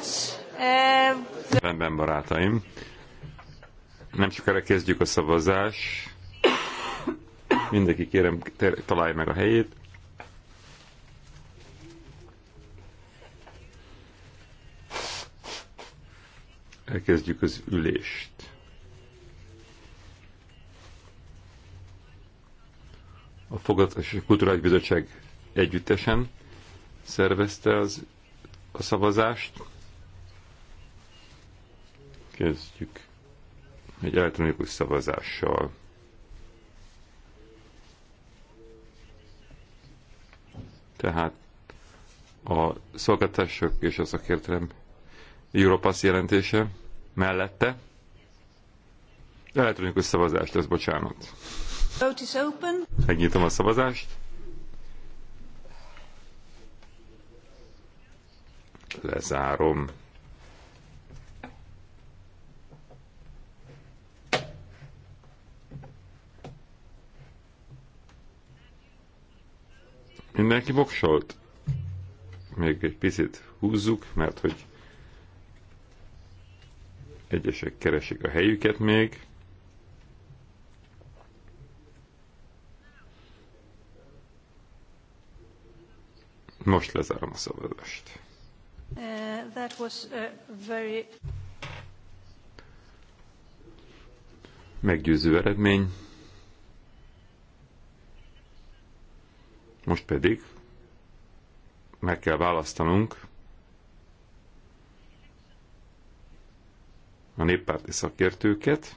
friends. Um, Rendben, barátaim. Nem csak erre kezdjük a szavazás. Mindenki kérem, találja meg a helyét. Elkezdjük az ülést. A Fogadás és Kulturális Bizottság együttesen szervezte az, a szavazást. Kezdjük egy elektronikus szavazással. Tehát a szolgáltatások és a szakértelem Europass jelentése mellette elektronikus szavazást ez bocsánat. is open. Megnyitom a szavazást. Lezárom. Mindenki voksolt? Még egy picit húzzuk, mert hogy egyesek keresik a helyüket még. Most lezárom a szavazást. Uh, that was uh, very... Meggyőző eredmény. Most pedig meg kell választanunk a néppárti szakértőket,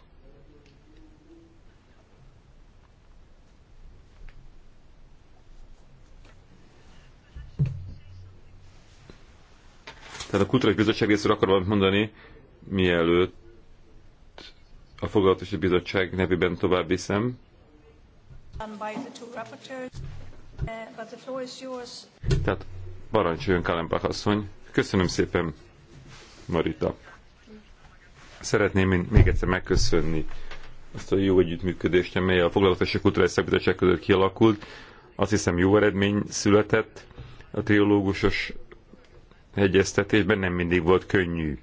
Tehát a Kulturális Bizottság részéről akar valamit mondani, mielőtt a Foglalatosi Bizottság nevében tovább viszem. Tehát parancsoljon Kalempach asszony. Köszönöm szépen, Marita. Szeretném én még egyszer megköszönni azt a jó együttműködést, amely a Foglalkozási Kulturális Szakbizottság között kialakult. Azt hiszem jó eredmény született a triológusos egyeztetésben, nem mindig volt könnyű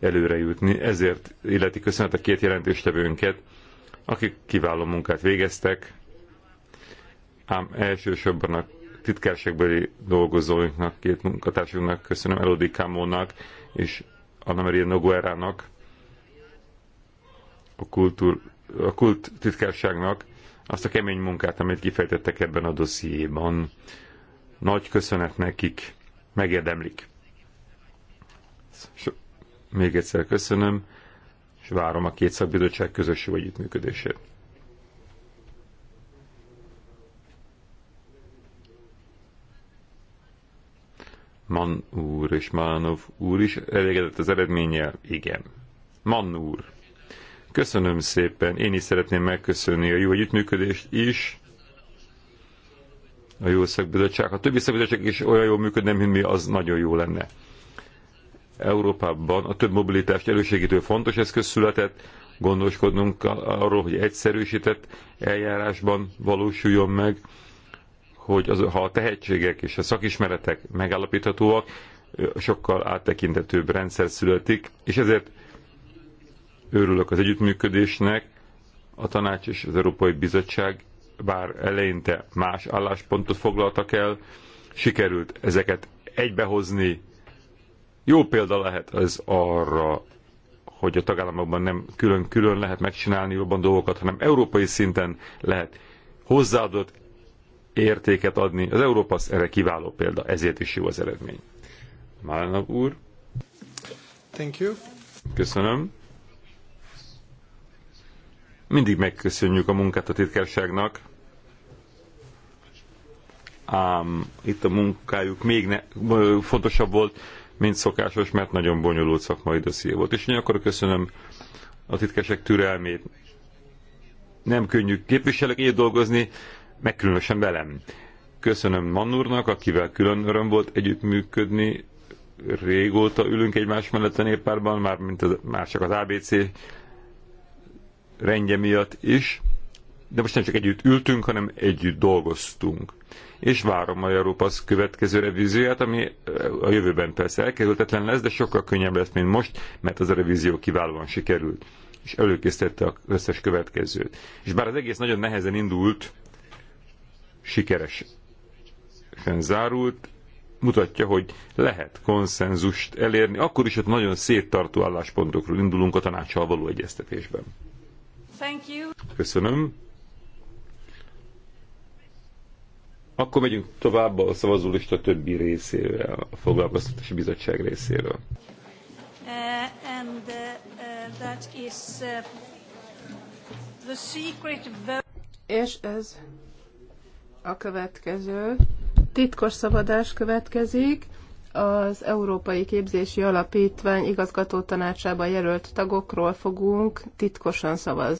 előre jutni. Ezért illeti köszönet a két jelentéstevőnket, akik kiváló munkát végeztek, ám elsősorban a titkárságbeli dolgozóinknak, két munkatársunknak köszönöm, Elodi Kamónak és Anna Maria Noguerának, a, kultúr, a kult titkárságnak azt a kemény munkát, amit kifejtettek ebben a dossziéban. Nagy köszönet nekik, megérdemlik. So, még egyszer köszönöm, és várom a két szakbizottság közös együttműködését. Man úr és Manov úr is elégedett az eredménnyel? Igen. Man úr. Köszönöm szépen. Én is szeretném megköszönni a jó együttműködést is. A jó szakbizottság. Ha többi szakbizottság is olyan jól működne, mint mi, az nagyon jó lenne. Európában a több mobilitást elősegítő fontos eszköz született, gondoskodnunk arról, hogy egyszerűsített eljárásban valósuljon meg hogy az, ha a tehetségek és a szakismeretek megállapíthatóak, sokkal áttekintetőbb rendszer születik, és ezért örülök az együttműködésnek, a tanács és az Európai Bizottság bár eleinte más álláspontot foglaltak el, sikerült ezeket egybehozni. Jó példa lehet ez arra, hogy a tagállamokban nem külön-külön lehet megcsinálni jobban dolgokat, hanem európai szinten lehet hozzáadott értéket adni. Az Európa erre kiváló példa, ezért is jó az eredmény. Málna úr. Thank you. Köszönöm. Mindig megköszönjük a munkát a titkárságnak, ám itt a munkájuk még ne, fontosabb volt, mint szokásos, mert nagyon bonyolult szakmai dosszié volt. És én akkor köszönöm a titkesek türelmét. Nem könnyű képviselők így dolgozni, meg különösen velem. Köszönöm Mannurnak, akivel külön öröm volt együttműködni, régóta ülünk egymás mellett a néppárban, már, mint az, már csak az ABC rendje miatt is, de most nem csak együtt ültünk, hanem együtt dolgoztunk. És várom a Európasz következő revízióját, ami a jövőben persze elkerültetlen lesz, de sokkal könnyebb lesz, mint most, mert az a revízió kiválóan sikerült, és előkészítette az összes következőt. És bár az egész nagyon nehezen indult, sikeresen zárult, mutatja, hogy lehet konszenzust elérni, akkor is ott nagyon széttartó álláspontokról indulunk a tanácssal való egyeztetésben. Thank you. Köszönöm. Akkor megyünk tovább a szavazólista többi részével, a foglalkoztatási bizottság részéről. Uh, and, uh, uh, that is, uh, the secret... És ez a következő. Titkos szabadás következik. Az Európai Képzési Alapítvány igazgató tanácsába jelölt tagokról fogunk titkosan szavazni.